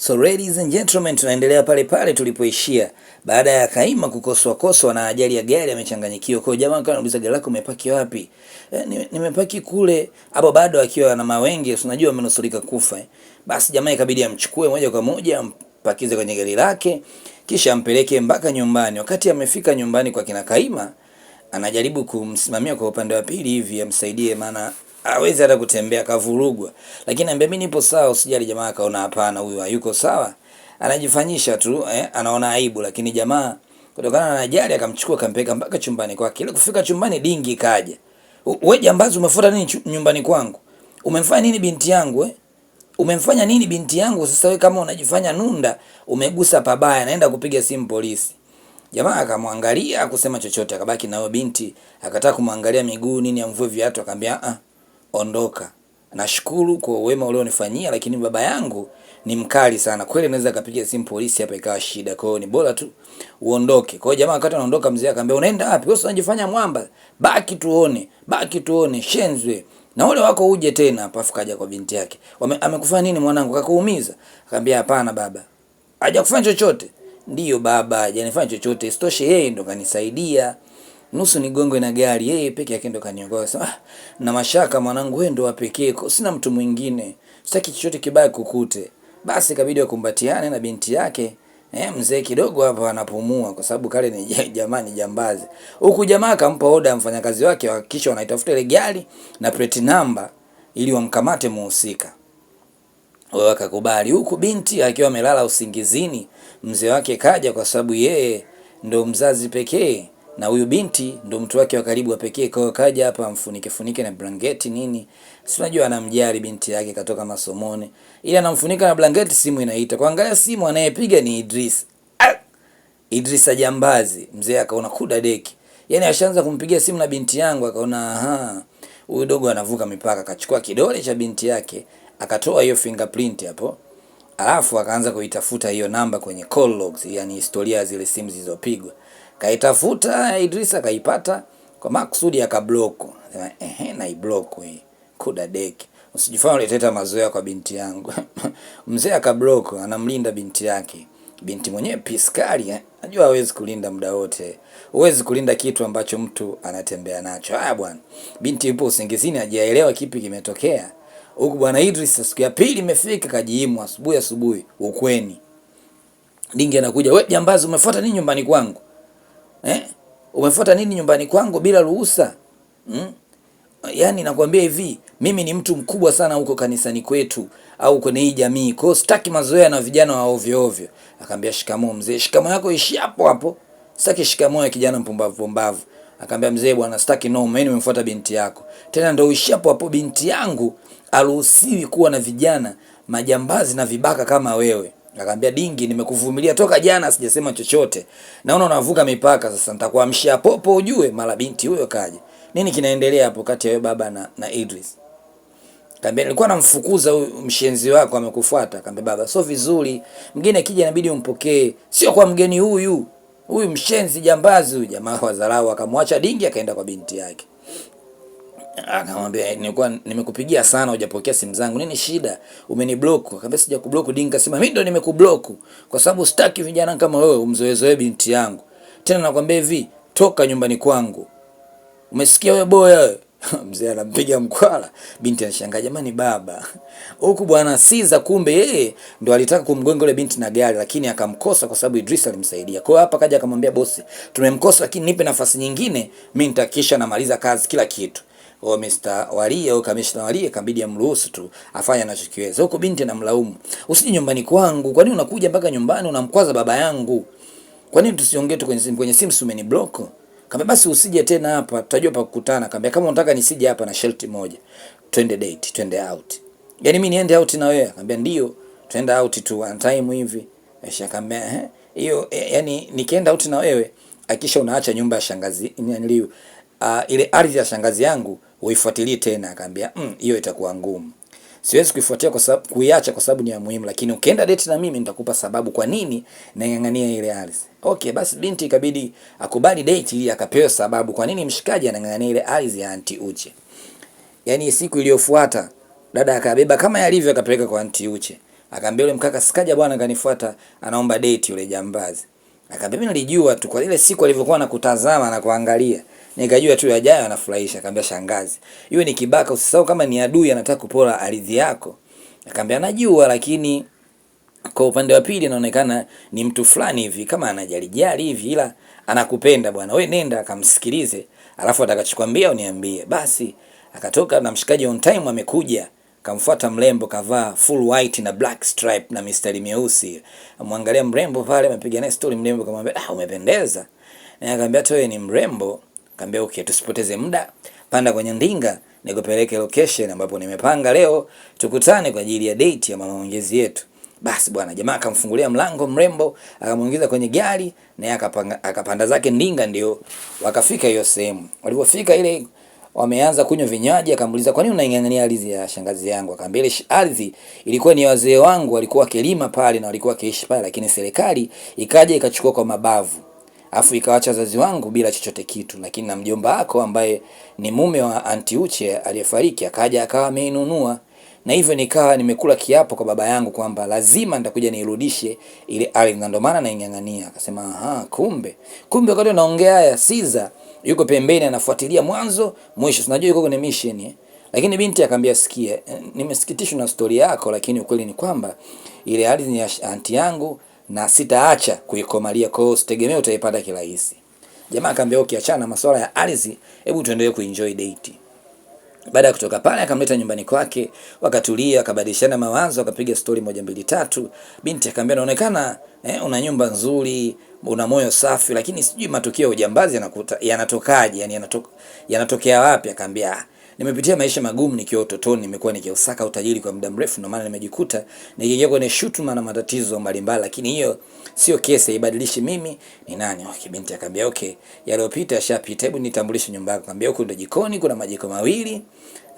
So ladies and gentlemen, tunaendelea pale pale tulipoishia baada ya Kaima kukoswa koswa na ajali ya gari, amechanganyikiwa. Kwa jamaa kana anauliza gari lako umepaki wapi? E, nimepaki kule. Hapo bado akiwa na mawenge, unajua amenusurika kufa. Eh. Basi jamaa ikabidi amchukue moja kwa moja ampakize kwenye gari lake kisha ampeleke mpaka nyumbani. Wakati amefika nyumbani kwa kina Kaima, anajaribu kumsimamia kwa upande wa pili hivi amsaidie maana hawezi hata kutembea, kavurugwa. Lakini ambia mimi nipo sawa, usijali. Jamaa akaona hapana, huyu hayuko sawa, anajifanyisha tu eh, anaona aibu. Lakini jamaa kutokana na ajali akamchukua akampeleka mpaka chumbani kwake. Ile kufika chumbani dingi kaja, wewe jambazi, umefuata nini nyumbani kwangu? Umemfanya nini binti yangu eh? Umemfanya nini binti yangu? Sasa wewe kama unajifanya nunda, umegusa pabaya, naenda kupiga simu polisi. Jamaa akamwangalia akusema chochote, akabaki na huyo binti, akataka kumwangalia miguu nini, amvue viatu, akamwambia ah ondoka, nashukuru kwa wema ulionifanyia, lakini baba yangu ni mkali sana kweli, naweza kapiga simu polisi hapa ikawa shida. Kwa hiyo ni bora tu uondoke. Kwa hiyo jamaa, wakati anaondoka, mzee akamwambia, unaenda wapi? Wewe unajifanya mwamba, baki tuone, baki tuone, shenzwe na ule wako uje tena hapa. Afu kaja kwa binti yake, amekufanya nini mwanangu? Kakuumiza? Akamwambia, hapana baba, hajakufanya chochote. Ndio baba, hajanifanya chochote, isitoshe yeye ndo kanisaidia nusu nigongwe na gari, yeye peke yake ndo kaniongoa. ah, na mashaka, mwanangu, wewe ndo wa pekee, sina mtu mwingine, sitaki chochote kibaya kukute. Basi kabidi wakumbatiane na binti yake. Eh, mzee kidogo hapa anapumua kwa sababu kale ni jamaa ni jambazi. Huku jamaa akampa oda mfanyakazi wake hakikisha wanaitafuta ile gari na plate number ili wamkamate muhusika. Wao akakubali. Huku binti akiwa amelala usingizini, mzee wake kaja kwa sababu yeye ndo mzazi pekee na huyu binti ndo mtu wake wa karibu wa pekee, kwa kaja hapa amfunike funike na blanketi nini, si unajua anamjali binti yake, katoka masomoni, ila anamfunika na blanketi. Simu inaita, kuangalia simu, anayepiga ni Idris. Ah! Idris ajambazi mzee, akaona kuda deki, yani ashaanza kumpigia simu na binti yangu, akaona aha, huyu dogo anavuka mipaka, akachukua kidole cha binti yake, akatoa hiyo fingerprint hapo alafu akaanza kuitafuta hiyo namba kwenye call logs, yani historia zile simu zilizopigwa. Kaitafuta Idris akaipata kwa makusudi akabloko. Sema ehe, na ibloko hii. Kuda deki. Usijifanye uleteta mazoea kwa binti yangu. Mzee akabloko anamlinda binti yake. Binti mwenyewe piskari eh? Najua hawezi kulinda muda wote. Huwezi kulinda kitu ambacho mtu anatembea nacho. Haya bwana. Binti yupo usingizini hajaelewa kipi kimetokea. Huku bwana Idris siku ya pili imefika kajiimu asubuhi asubuhi ukweni. Dingi anakuja, "We jambazi umefuata nini nyumbani kwangu?" umefuata nini nyumbani kwangu bila ruhusa mm? Yaani nakwambia hivi, mimi ni mtu mkubwa sana huko kanisani kwetu au kwenye hii jamii, kwa sitaki mazoea na vijana wa ovyo ovyo. Akaambia shikamoo mzee, shikamoo yako ishi hapo hapo, sitaki shikamoo ya kijana mpumbavu pumbavu. Akaambia mzee, bwana sitaki noma, mimi nimemfuata binti yako. Tena ndio ishi hapo hapo, binti yangu aruhusiwi kuwa na vijana majambazi na vibaka kama wewe. Akaambia Dingi, nimekuvumilia toka jana sijasema chochote. Naona unavuka mipaka sasa, nitakuamshia popo ujue. Mara binti huyo kaja. Nini kinaendelea hapo kati ya baba na, na Idris? Kaambia nilikuwa namfukuza huyu mshenzi wako amekufuata. Kaambia baba, sio vizuri. Mgeni akija inabidi umpokee. Sio kwa mgeni huyu. Huyu mshenzi jambazi huyu jamaa wa dharau akamwacha Dingi akaenda kwa binti yake. Akamwambia eh, nilikuwa nimekupigia sana hujapokea simu zangu. Nini shida? Umeniblock. Akamwambia sija kublock dinga, akasema mimi ndo nimekublock kwa sababu sitaki vijana kama wewe umzoezoe binti yangu. Tena nakwambia hivi, toka nyumbani kwangu. Umesikia wewe boya wewe? Mzee anampiga mkwala. Binti anashangaa, jamani baba. Huku bwana Siza kumbe yeye ndo alitaka kumgonga yule binti na gari lakini akamkosa kwa sababu Idris alimsaidia. Kwa hiyo hapa kaja akamwambia bosi, tumemkosa lakini nipe nafasi nyingine, mimi nitahakikisha namaliza kazi kila kitu o Mr. Warie au Kamishna Warie kabidi amruhusu tu afanye anachokiweza. Huko binti namlaumu. usije nyumbani kwangu, Kwa nini unakuja mpaka nyumbani unamkwaza baba yangu? Kwa nini tusiongee tu kwenye simu? Kwenye simu sumeni block. Kambe basi usije tena hapa, tutajua pa kukutana. Kambe kama unataka nisije hapa na shelti moja. Twende date, twende out. Yaani mimi niende out na wewe? Kambe ndio, Twende out tu one time hivi. Aisha kambe eh, hiyo eh, yani nikienda out na wewe, akisha unaacha nyumba ya shangazi, niliu yaani, uh, ah, ile ardhi ya shangazi yangu uifuatilie tena. Akaambia mm, hiyo mm, itakuwa ngumu, siwezi kuifuatia kwa sababu kuiacha kwa sababu ni ya muhimu, lakini ukienda date na mimi nitakupa sababu kwa nini nang'ang'ania ile ardhi. Okay, basi binti ikabidi akubali date ili akapewa sababu kwa nini mshikaji anang'ang'ania ile ardhi ya anti Uche. Yaani siku iliyofuata dada akabeba kama yalivyo akapeleka kwa anti Uche. Akaambia yule mkaka sikaja bwana kanifuata anaomba date yule jambazi. Akaambia mimi nilijua tu kwa ile siku alivyokuwa anakutazama na kuangalia. Nikajua tu yajayo anafurahisha. Akaambia shangazi, iwe ni kibaka usisahau kama ni adui anataka kupora ardhi yako. Akaambia najua, lakini kwa upande wa pili anaonekana ni mtu fulani hivi kama anajalijali hivi, ila anakupenda bwana, we nenda akamsikilize, alafu atakachokwambia uniambie. Basi akatoka na mshikaji on time amekuja kamfuata mrembo kavaa full white na black stripe na mistari meusi. Amwangalia mrembo pale, amepiga naye story mrembo, kamwambia ah, umependeza. Na akamwambia tu ni mrembo Kaambia okay, tusipoteze muda, panda kwenye ndinga nikupeleke location ambapo nimepanga leo tukutane kwa ajili ya date ya mama mwenyezi yetu. Basi bwana jamaa akamfungulia mlango, mrembo akamuingiza kwenye gari naye akapanda zake ndinga, ndio wakafika hiyo sehemu. Walipofika ile wameanza kunywa vinywaji, akamuuliza kwa nini unaing'ang'ania ardhi ya shangazi yangu? Akamwambia ile ardhi ilikuwa ni wazee wangu walikuwa wakilima pale na walikuwa wakiishi pale, lakini serikali ikaja ikachukua kwa mabavu afu ikawacha wazazi wangu bila chochote kitu, lakini na mjomba wako ambaye ni mume wa anti Uche aliyefariki akaja akawa ameinunua, na hivyo nikawa nimekula kiapo kwa baba yangu kwamba lazima nitakuja niirudishe ile ardhi, na ndio maana naing'ang'ania. Akasema aha, kumbe kumbe. Wakati naongea haya, Siza yuko pembeni anafuatilia mwanzo mwisho, tunajua yuko kwenye mission eh. Lakini binti akamwambia, sikie, eh, nimesikitishwa na stori yako, lakini ukweli ni kwamba ile ardhi ni ya anti yangu na sitaacha kuikomalia, kwa hiyo usitegemee utaipata kirahisi. Jamaa akaambia okay, achana masuala ya ardhi, hebu tuendelee kuenjoy date. Baada ya kutoka pale akamleta nyumbani kwake, wakatulia, wakabadilishana mawazo, wakapiga stori moja mbili tatu. Binti akamwambia naonekana eh, una nyumba nzuri, una moyo safi, lakini sijui matukio ya ujambazi yanatokaje, yani yanatokea wapi? Akamwambia ah, Nimepitia maisha magumu nikiwa utotoni, nimekuwa nikiusaka utajiri kwa muda mrefu, ndio maana nimejikuta nikiingia kwenye shutuma na matatizo mbalimbali, lakini hiyo sio kesi, ibadilishi mimi ni nani. Okay, oh, binti akambia okay, yaliyopita yashapita, hebu nitambulishe nyumba yako. Akambia huko ndio jikoni, kuna majiko mawili.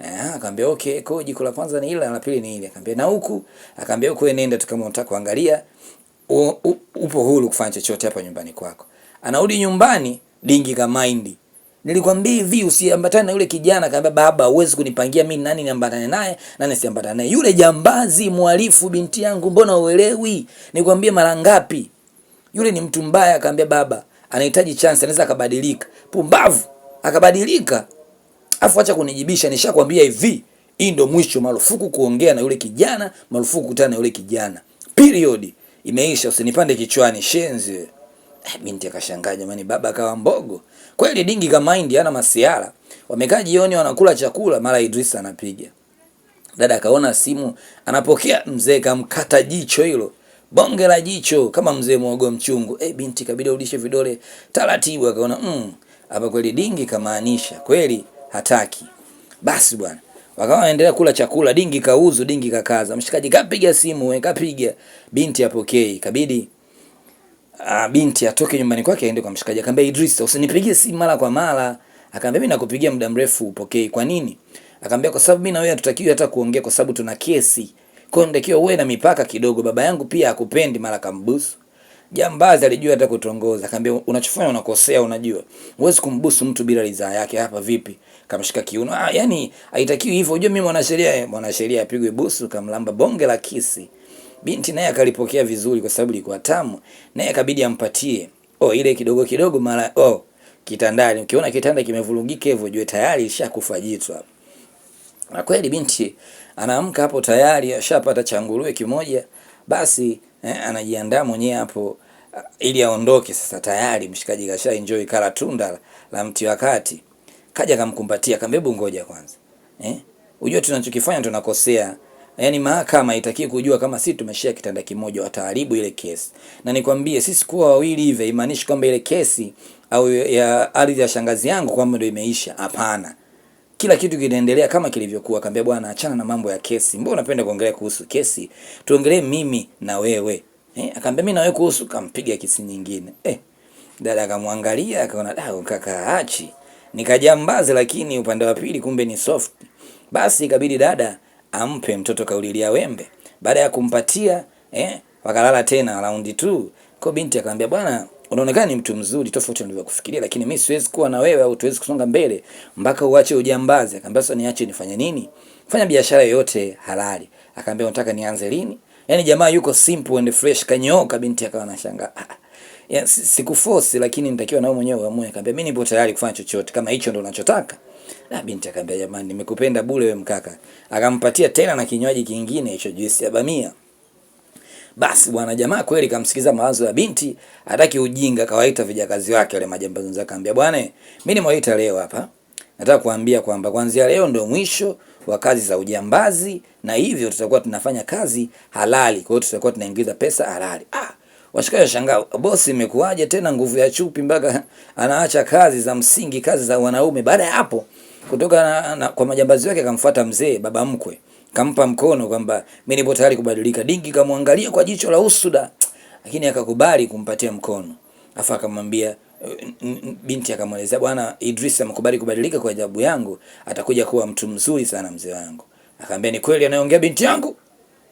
Eh, akambia okay, kwa jiko la kwanza ni hili, la pili ni hili. Akambia na huku, akambia huku, nenda tu kama unataka kuangalia, upo huru kufanya chochote hapa nyumbani kwako. Anarudi nyumbani dingi ka kamaindi Nilikwambia hivi usiambatane na yule kijana. Kaambia baba, huwezi kunipangia mimi nani niambatane naye na nisiambatane naye. Yule jambazi mwalifu binti yangu, mbona uelewi? Nikwambie mara ngapi? Yule ni mtu mbaya. akaambia baba, anahitaji chance, anaweza akabadilika. Pumbavu, akabadilika. Afu acha kunijibisha, nishakwambia hivi. Hii ndio mwisho, marufuku kuongea na yule kijana, marufuku kukutana na yule kijana. Period. Imeisha, usinipande kichwani, shenzi. Binti eh, akashangaa, jamani, baba kawa mbogo kweli? Dingi kama hindi ana masiara. Wamekaa jioni wanakula chakula, mara Idrisa anapiga. Dada akaona simu, anapokea. Mzee kamkata jicho hilo bonge la jicho kama mzee mwogo mchungu. Eh, binti kabidi arudishe vidole taratibu, akaona mm, hapa kweli dingi kamaanisha kweli hataki. Basi bwana, wakawa wanaendelea kula chakula, dingi kauzu, dingi kakaza. Mshikaji kapiga simu, we kapiga, binti apokei, kabidi uh, binti atoke nyumbani kwake aende kwa mshikaji, akamwambia Idris, usinipigie simu mara kwa mara. Akamwambia mimi nakupigia muda mrefu upokee. kwa nini? Akamwambia kwa sababu mimi na wewe hatutakiwi hata kuongea, kwa sababu tuna kesi. Kwa ndio nitakiwa uwe na mipaka kidogo, baba yangu pia akupendi Mara kambusu jambazi alijua hata kutongoza, akamwambia unachofanya unakosea, unajua huwezi kumbusu mtu bila ridhaa yake. Hapa vipi? Kamshika kiuno. Ah, yani haitakiwi hivyo. Unajua mimi mwanasheria, mwanasheria apigwe busu, kamlamba bonge la kisi. Binti naye akalipokea vizuri, kwa sababu ilikuwa tamu, naye akabidi ampatie oh, ile kidogo kidogo mara oh, kitandani. Ukiona kitanda kimevurugika hivyo, jue tayari ishakufa jitwa. Na kweli binti anaamka hapo tayari ashapata changurue kimoja, basi eh, anajiandaa mwenyewe hapo eh, ili aondoke sasa. Tayari mshikaji kasha enjoy kala tunda la mti wa kati, kaja akamkumbatia, akambe, ngoja kwanza eh, ujue tunachokifanya tunakosea. Yaani mahakama haitaki kujua kama sisi tumeshia kitanda kimoja, wataharibu ile kesi. Na nikwambie sisi kuwa wawili hivi haimaanishi kwamba ile kesi au ya ardhi ya shangazi yangu kwamba ndio imeisha. Hapana, kila kitu kinaendelea kama kilivyokuwa. Kaambia bwana, achana na mambo ya kesi, mbona unapenda kuongelea kuhusu kesi? Tuongelee mimi na wewe eh. Akaambia mimi na wewe kuhusu, kampiga kesi nyingine eh. Dada akamwangalia akaona, da ah, kaka achi nikajambaze, lakini upande wa pili kumbe ni soft. Basi ikabidi dada ampe mtoto kaulilia wembe. Baada ya kumpatia eh, wakalala tena round 2. Kwa binti akamwambia, bwana, unaonekana ni mtu mzuri tofauti nilivyokufikiria, lakini mimi siwezi kuwa na wewe au tuwezi kusonga mbele mpaka uache ujambazi. Akamwambia, sasa niache nifanye nini? Fanya biashara yoyote halali. Akamwambia, unataka nianze lini? Yaani jamaa yuko simple and fresh kanyooka. Binti akawa anashangaa ya, sikuforce lakini nitakiwa na wewe mwenyewe uamue. Akamwambia mimi nipo tayari kufanya chochote kama hicho ndio unachotaka. Na ah, binti akamwambia, jamani, nimekupenda bure wewe mkaka. Akampatia tena na kinywaji kingine hicho, juisi ya bamia. Basi bwana jamaa kweli kamsikiza mawazo ya binti, hataki ujinga, kawaita vijakazi wake wale majambazi wenzake, akamwambia, bwana, mimi nimewaita leo hapa, nataka kuambia kwamba kuanzia leo ndio mwisho wa kazi za ujambazi, na hivyo tutakuwa tunafanya kazi halali. Kwa hiyo tutakuwa tunaingiza pesa halali. Ah, washikaji washangaa, bosi, imekuaje tena nguvu ya chupi mpaka anaacha kazi za msingi, kazi za wanaume? Baada ya hapo kutoka na, na, kwa majambazi wake akamfuata mzee baba mkwe, kampa mkono kwamba mimi nipo tayari kubadilika. Dingi kamwangalia kwa jicho la usuda, lakini akakubali kumpatia mkono, afa akamwambia binti akamwelezea, bwana Idris amekubali kubadilika kwa ajabu yangu, atakuja kuwa mtu mzuri sana mzee wangu. Akamwambia ni kweli anayeongea binti yangu?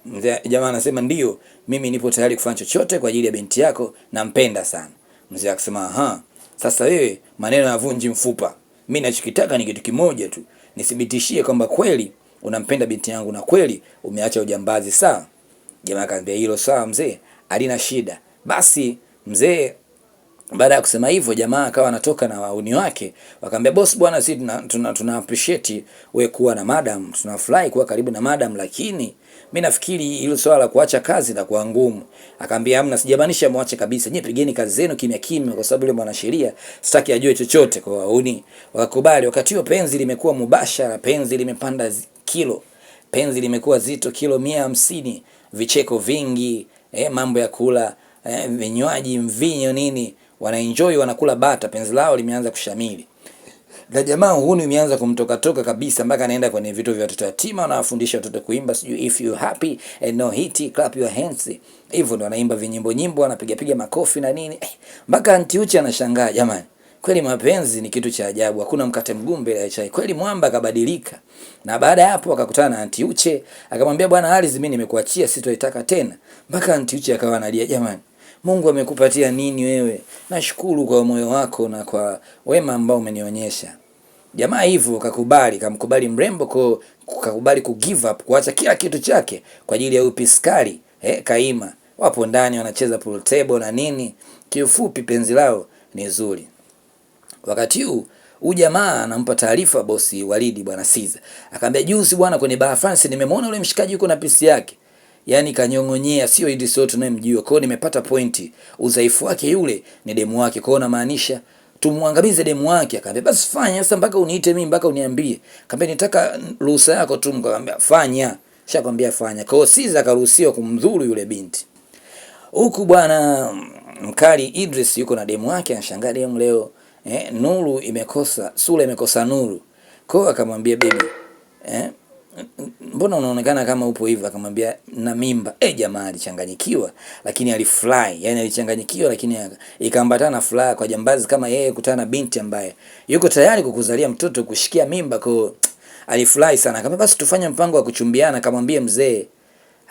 Mzee jamaa anasema ndio, mimi nipo tayari kufanya chochote kwa ajili ya binti yako, nampenda sana. Mzee akasema aha, sasa wewe maneno yavunji mfupa. Mimi nachokitaka ni kitu kimoja tu, nithibitishie kwamba kweli unampenda binti yangu na kweli umeacha ujambazi. Saa jamaa akaambia hilo sawa mzee, alina shida. Basi mzee baada ya kusema hivyo, jamaa akawa anatoka na wauni wake, wakamwambia boss, bwana, sisi tuna, tuna, tuna appreciate wewe kuwa na madam, tunafurahi kuwa karibu na madam, lakini mimi nafikiri hilo swala la kuacha kazi la kuwa ngumu. Akamwambia amna sijamaanisha mwache kabisa, nyie pigeni kazi zenu kimya kimya, kwa sababu yule mwanasheria sitaki ajue chochote. Kwa wauni wakakubali. Wakati huo penzi limekuwa mubashara, penzi limepanda kilo, penzi limekuwa zito kilo mia hamsini, vicheko vingi, eh, mambo ya kula eh, vinywaji, mvinyo nini wanaenjoy, wanakula bata, penzi lao limeanza kushamili na jamaa huni imeanza kumtoka toka kabisa, mpaka anaenda kwenye vitu vya watoto yatima, anawafundisha watoto kuimba sijui if you happy and no hit clap your hands, hivyo ndo anaimba vinyimbo nyimbo, anapiga piga makofi na nini eh, mpaka anti uchi anashangaa, jamani, kweli mapenzi ni kitu cha ajabu, hakuna mkate mgumu mbele chai. Kweli mwamba akabadilika, na baada ya hapo akakutana na anti uche, akamwambia bwana Alizi, mimi nimekuachia, sitoitaka tena. Mpaka anti uche akawa analia, jamani Mungu amekupatia nini wewe? Nashukuru kwa moyo wako na kwa wema ambao umenionyesha. Jamaa hivyo kakubali, kamkubali mrembo ko, kakubali ku give up, kuacha kila kitu chake kwa ajili ya upiskari eh, Kaima. Wapo ndani wanacheza pool table na nini. Kiufupi penzi lao ni zuri. Wakati huu huyu jamaa anampa taarifa bosi Walidi bwana Siza. Akamwambia juzi bwana, kwenye bar France nimemwona yule mshikaji yuko na pisi yake yani kanyong'onyea, sio Idrisot tunayemjua. Kwao nimepata pointi, udhaifu wake yule ni demu wake, Kwao hiyo namaanisha tumwangamize demu wake. Akaambia basi fanya sasa, mpaka uniite mimi, mpaka uniambie. Kaambia nitaka ruhusa yako tu. Mkaambia fanya, shakwambia fanya. Kwao hiyo Siza akaruhusiwa kumdhuru yule binti. Huku bwana mkali Idris yuko na demu wake, anashangaa demu leo eh, nuru imekosa sura, imekosa nuru. Kwao akamwambia bibi eh, mbona unaonekana kama upo hivyo? Akamwambia na mimba. E, jamaa alichanganyikiwa lakini alifurahi, yani alichanganyikiwa lakini ikaambatana na furaha kwa jambazi kama yeye kutana na binti ambaye yuko tayari kukuzalia mtoto, kushikia mimba. Kwa alifurahi sana, akamwambia basi tufanye mpango wa kuchumbiana, akamwambia mzee.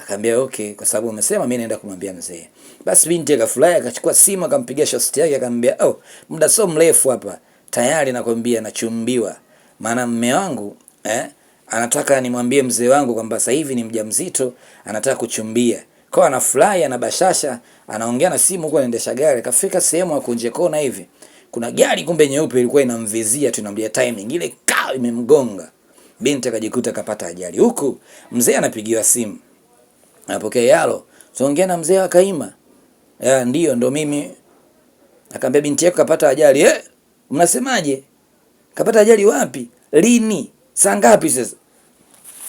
Akaambia okay, kwa sababu umesema, mimi naenda kumwambia mzee. Basi binti akafurahi, akachukua simu, akampigia shosti yake, akamwambia oh, muda so mrefu hapa tayari nakwambia nachumbiwa, maana mme wangu eh anataka nimwambie mzee wangu kwamba sasa hivi ni mjamzito, anataka kuchumbia. Kwa anafurahi, bashasha anaongea na simu huko, anaendesha gari. Kafika sehemu ya kunje kona hivi, kuna gari kumbe nyeupe ilikuwa inamvizia, tunamlia timing ile, ka imemgonga binti, akajikuta kapata ajali. Huku mzee anapigiwa simu, anapokea yalo, tuongea na mzee wa Kaima. Ya, ndio ndo mimi. Akaambia binti yako kapata ajali. Eh, mnasemaje? Kapata ajali wapi? Lini? saa ngapi sasa?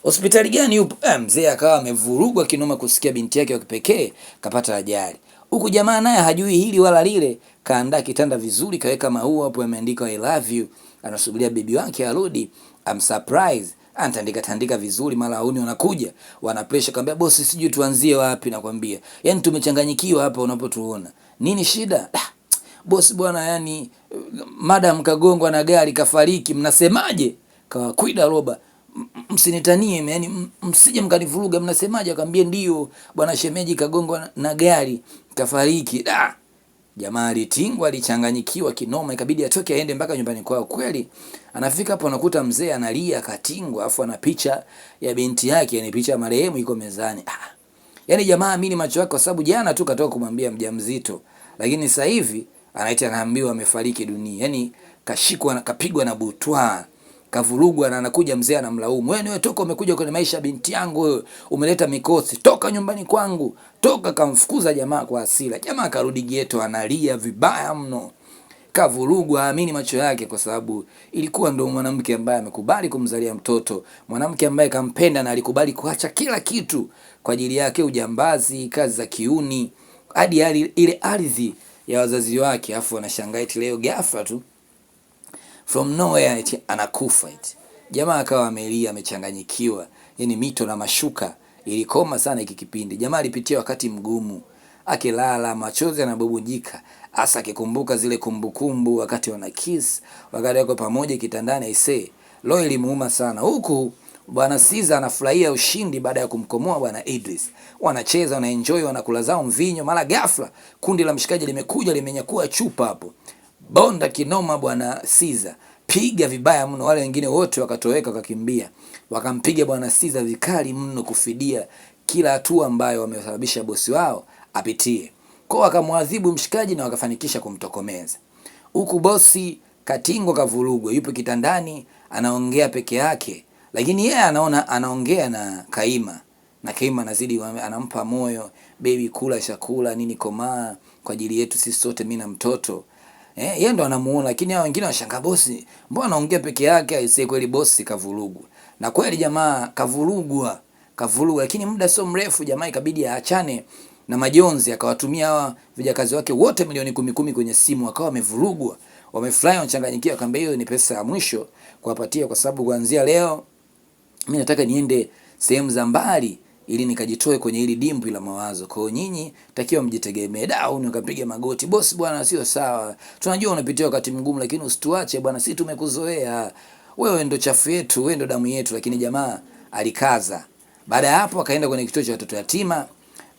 Hospitali gani yupo? Eh, mzee akawa amevurugwa kinoma kusikia binti yake wa kipekee kapata ajali. Huku jamaa naye hajui hili wala lile, kaandaa kitanda vizuri, kaweka maua hapo yameandikwa I love you. Anasubiria bibi wake arudi, am surprise. antaandika tandika vizuri, mara haoni wanakuja, wana pressure kaambia bosi, sijui tuanzie wapi nakwambia. Yaani tumechanganyikiwa hapa unapotuona. Nini shida? Ah, bosi bwana, yani madam kagongwa na gari kafariki, mnasemaje? Kawakwida Roba, msinitanie yani, msije mkanivuruga. Mnasemaje? Akaambia ndio bwana, shemeji kagongwa na gari kafariki. Da, jamaa alitingwa, alichanganyikiwa kinoma, ikabidi atoke aende mpaka nyumbani kwao. Kweli anafika hapo, anakuta mzee analia katingwa, afu ana picha ya binti yake, yani picha ya marehemu iko mezani. Ah, yani jamaa amini macho yake, kwa sababu jana tu katoka kumwambia mjamzito, lakini sasa hivi anaita, anaambiwa amefariki dunia, yani kashikwa, kapigwa na butwaa kavurugwa na anakuja mzee anamlaumu, wewe niwe toka umekuja kwenye maisha ya binti yangu wewe, umeleta mikosi, toka nyumbani kwangu, toka. Kamfukuza jamaa kwa hasira. Jamaa karudi geto, analia vibaya mno, kavurugwa, aamini macho yake, kwa sababu ilikuwa ndo mwanamke ambaye amekubali kumzalia mtoto, mwanamke ambaye kampenda na alikubali kuacha kila kitu kwa ajili yake, ujambazi, kazi za kiuni, hadi ile ardhi ya wazazi wake, afu anashangaa leo ghafla tu from nowhere eti anakufa eti. Jamaa akawa amelia amechanganyikiwa, yani mito na mashuka ilikoma sana hiki kipindi. Jamaa alipitia wakati mgumu, akilala machozi anabubujika, hasa akikumbuka zile kumbukumbu wakati wana kiss, wakati wako pamoja kitandani. Aisee, lo, ilimuuma sana huku Bwana Siza anafurahia ushindi baada ya kumkomoa Bwana Idris. Wanacheza, wanaenjoy, wanakula zao mvinyo, mara ghafla kundi la mshikaji limekuja limenyakua chupa hapo bonda kinoma bwana Caesar, piga vibaya mno. Wale wengine wote wakatoweka wakakimbia, wakampiga bwana Caesar vikali mno, kufidia kila hatua ambayo wamesababisha bosi wao apitie Kwa Wakamwadhibu mshikaji na wakafanikisha kumtokomeza, huku bosi Katingo kavurugwe yupo kitandani anaongea peke yake, lakini yeye anaona anaongea na Kaima na Kaima anazidi anampa moyo, baby, kula chakula nini, komaa kwa ajili yetu sisi sote, mimi na mtoto Eh, yeye ndo anamuona lakini hao wengine wanashangaa bosi, mbona anaongea peke yake? Aisee, kweli bosi kavurugwa. Na kweli jamaa kavurugwa, kavurugwa lakini muda sio mrefu jamaa ikabidi aachane na majonzi akawatumia hawa vijakazi wake wote milioni kumi kumi kwenye simu, akawa wamevurugwa, wamefurahi, wanachanganyikiwa. Akamwambia hiyo ni pesa ya mwisho kuwapatia, kwa sababu kuanzia leo mimi nataka niende sehemu za mbali ili nikajitoe kwenye hili dimbwi la mawazo. Kwa hiyo nyinyi takiwa mjitegemee. Da, Dauni wakapiga magoti, bosi bwana, sio sawa, tunajua unapitia wakati mgumu, lakini usituache bwana, sisi tumekuzoea wewe, ndo chafu yetu, wewe ndo damu yetu. Lakini jamaa alikaza. Baada ya hapo, akaenda kwenye kituo cha watoto yatima,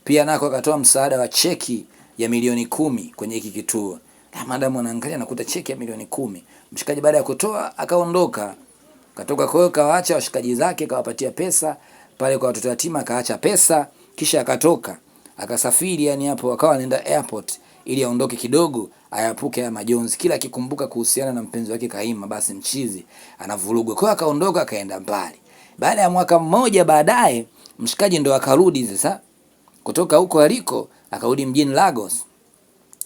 pia nako akatoa msaada wa cheki ya milioni kumi kwenye hiki kituo. Na ah, madamu anaangalia, anakuta cheki ya milioni kumi. Mshikaji baada ya kutoa akaondoka, katoka kwa hiyo kawaacha washikaji zake, kawapatia pesa pale kwa watoto yatima, akaacha pesa, kisha akatoka akasafiri, yani hapo akawa anaenda airport ili aondoke kidogo, ayapuke haya majonzi, kila akikumbuka kuhusiana na mpenzi wake Kaima, basi mchizi anavurugwa. Kwa hiyo akaondoka akaenda mbali. Baada ya mwaka mmoja baadaye, mshikaji ndo akarudi sasa kutoka huko aliko, akarudi mjini Lagos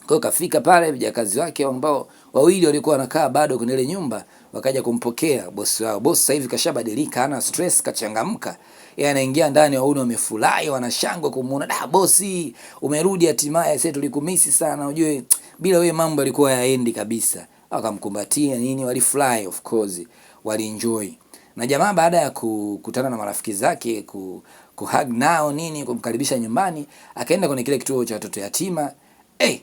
kwao kafika pale, vijakazi wake ambao wawili walikuwa wanakaa bado kwenye ile nyumba, wakaja kumpokea bosi wao. Bosi sasa hivi kashabadilika, ana stress, kachangamka. Yeye anaingia ndani, wauni wamefurahi, wanashangwa kumuona. Da, bosi umerudi hatimaye, sasa tulikumisi sana. Unajue bila wewe mambo yalikuwa yaendi kabisa. Akamkumbatia nini, walifurahi, of course walienjoy. Na jamaa baada ya kukutana na marafiki zake ku, ku hug nao nini, kumkaribisha nyumbani, akaenda kwenye kile kituo cha watoto yatima eh hey,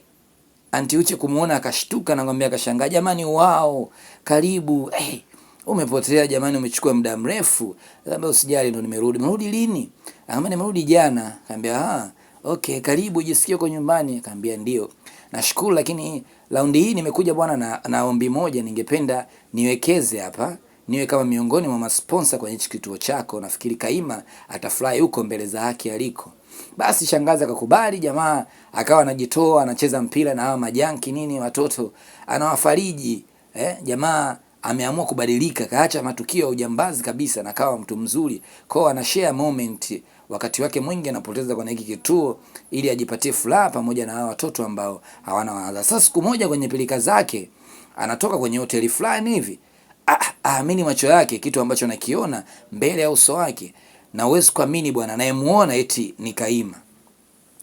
Anti Uche kumuona akashtuka na kumwambia akashangaa, jamani, wao karibu. Hey, eh, umepotea jamani, umechukua muda mrefu. Akaambia usijali, ndo nimerudi. Nimerudi lini? Akaambia nimerudi jana. Akaambia ah, okay, karibu, jisikie uko nyumbani. Akaambia ndio, nashukuru, lakini laundi hii nimekuja bwana na, na ombi moja, ningependa niwekeze hapa niwe kama miongoni mwa masponsa kwenye hichi kituo chako. Nafikiri Kaima atafurahi huko mbele za haki aliko. Basi shangazi akakubali, jamaa akawa anajitoa anacheza mpira na hawa majanki nini watoto, anawafariji eh, jamaa ameamua kubadilika, kaacha matukio ya ujambazi kabisa na kawa mtu mzuri. Kwao ana share moment, wakati wake mwingi anapoteza kwenye hiki kituo ili ajipatie furaha pamoja na hawa watoto ambao hawana wazazi. Sasa siku moja kwenye pilika zake anatoka kwenye hoteli fulani hivi Ah, ah, aamini macho yake kitu ambacho nakiona mbele ya uso wake, na uwezi kuamini bwana nayemuona eti ni Kaima.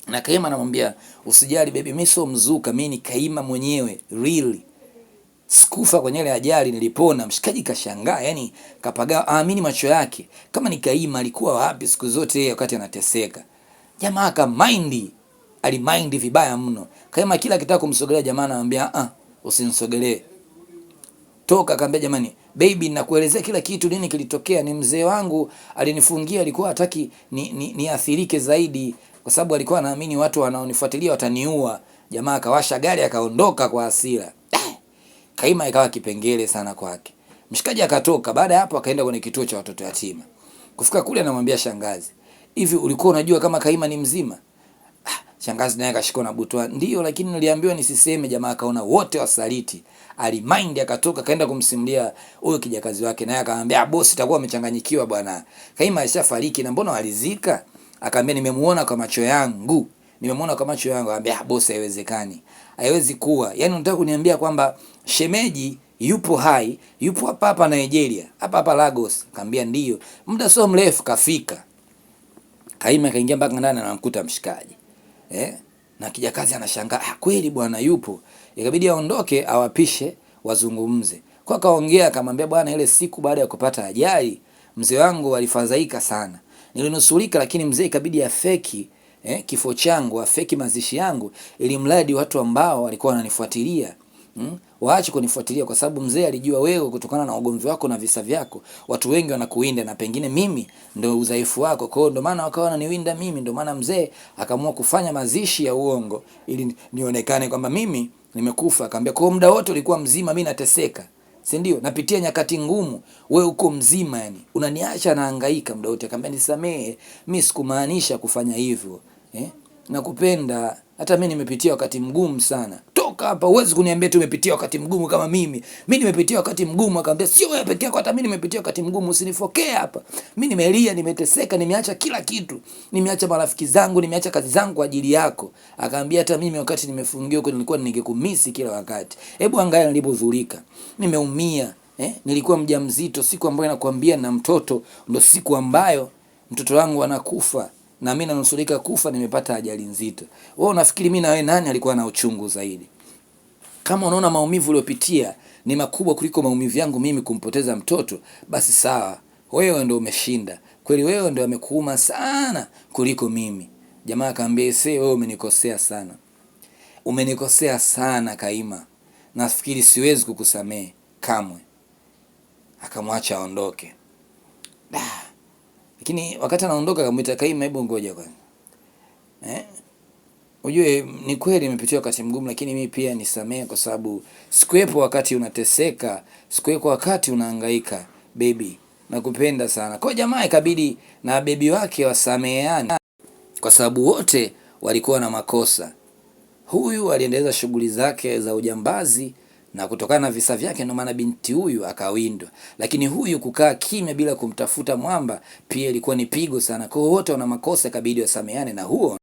Na Kaima anamwambia usijali bebi mimi sio mzuka, mimi ni Kaima mwenyewe really. Sikufa kwenye ile ajali, nilipona. Mshikaji kashangaa, yani kapaga, aamini macho yake kama ni Kaima. Alikuwa wapi siku zote yeye wakati anateseka? Jamaa akamaindi, alimind vibaya mno. Kaima kila kitaka kumsogelea jamaa anamwambia ah, usinisogelee toka akaambia, jamani baby, nakuelezea kila kitu, nini kilitokea. Ni mzee wangu alinifungia, alikuwa hataki niathirike ni, ni zaidi, kwa sababu alikuwa anaamini watu wanaonifuatilia wataniua. Jamaa akawasha gari akaondoka kwa hasira. Kaima ikawa kipengele sana kwake. Mshikaji akatoka. Baada ya hapo, akaenda kwenye kituo cha watoto yatima. Kufika kule, anamwambia shangazi, hivi ulikuwa unajua kama Kaima ni mzima? Shangazi naye akashikwa na butwa, ndio lakini niliambiwa nisiseme. Jamaa akaona wote wasaliti, alimind akatoka, kaenda kumsimulia huyo kijakazi wake, naye akamwambia ah, bosi, itakuwa amechanganyikiwa bwana, kaima alishafariki na mbona walizika? akamwambia nimemuona kwa macho yangu, nimemuona kwa macho yangu. Akamwambia ah, bosi, haiwezekani, haiwezi kuwa. Yani unataka kuniambia kwamba shemeji yupo hai, yupo hapa hapa Nigeria, hapa hapa Lagos? Akamwambia ndio. Muda sio mrefu kafika, kaima kaingia mpaka ndani, na mkuta mshikaji eh? na kijakazi anashangaa, ah, kweli bwana yupo. Ikabidi aondoke awapishe wazungumze kwa, akaongea akamwambia, bwana, ile siku baada ya kupata ajali mzee wangu alifadhaika sana, nilinusurika, lakini mzee ikabidi afeki eh, kifo changu afeki mazishi yangu, ili mradi watu ambao walikuwa wananifuatilia Hmm? Waache kunifuatilia kwa sababu mzee alijua wewe kutokana na ugomvi wako na visa vyako watu wengi wanakuwinda, na pengine mimi ndio udhaifu wako. Kwa hiyo ndio maana wakawa wananiwinda mimi, ndio maana mzee akaamua kufanya mazishi ya uongo ili nionekane kwamba mimi nimekufa. Akaambia kwa muda wote ulikuwa mzima, mimi nateseka, si ndio? Napitia nyakati ngumu, wewe uko mzima, yani unaniacha naangaika muda wote. Akaambia nisamehe, mimi sikumaanisha kufanya hivyo eh? nakupenda. Hata mi nimepitia wakati mgumu sana, toka hapa. Huwezi kuniambia tu umepitia wakati mgumu kama mimi. Mi nimepitia wakati mgumu, akaambia sio wewe peke yako, hata mi nimepitia wakati mgumu, usinifokee hapa. Mi nimelia, nimeteseka, nimeacha kila kitu, nimeacha marafiki zangu, nimeacha kazi zangu kwa ajili yako. Akaambia hata mimi wakati nimefungiwa huko nilikuwa ningekumisi kila wakati. Hebu angalia nilipodhurika, nimeumia eh? Nilikuwa mjamzito, siku ambayo nakwambia na mtoto, ndo siku ambayo mtoto wangu anakufa na mimi nanusurika kufa, nimepata ajali nzito. Wewe unafikiri mimi na wewe nani alikuwa na uchungu zaidi? Kama unaona maumivu uliopitia ni makubwa kuliko maumivu yangu mimi kumpoteza mtoto, basi sawa, wewe ndio umeshinda kweli, wewe ndio amekuuma sana kuliko mimi. Jamaa akaambia ise, wewe umenikosea sana, umenikosea sana Kaima, nafikiri siwezi kukusamehe kamwe. Akamwacha aondoke. Lakini wakati anaondoka akamwita Kaima, hebu ngoja kwanza. Eh? Ujue ni kweli nimepitia wakati mgumu, lakini mimi pia nisamee kwa sababu sikuwepo wakati unateseka, sikuwepo wakati unahangaika baby. Nakupenda sana. Kwa jamaa ikabidi na bebi wake wasameheane kwa sababu wote walikuwa na makosa. Huyu aliendeleza shughuli zake za ujambazi na kutokana na visa vyake, ndio maana binti huyu akawindwa. Lakini huyu kukaa kimya bila kumtafuta mwamba pia ilikuwa ni pigo sana. Kwa wote wana makosa, ikabidi wasameane na huo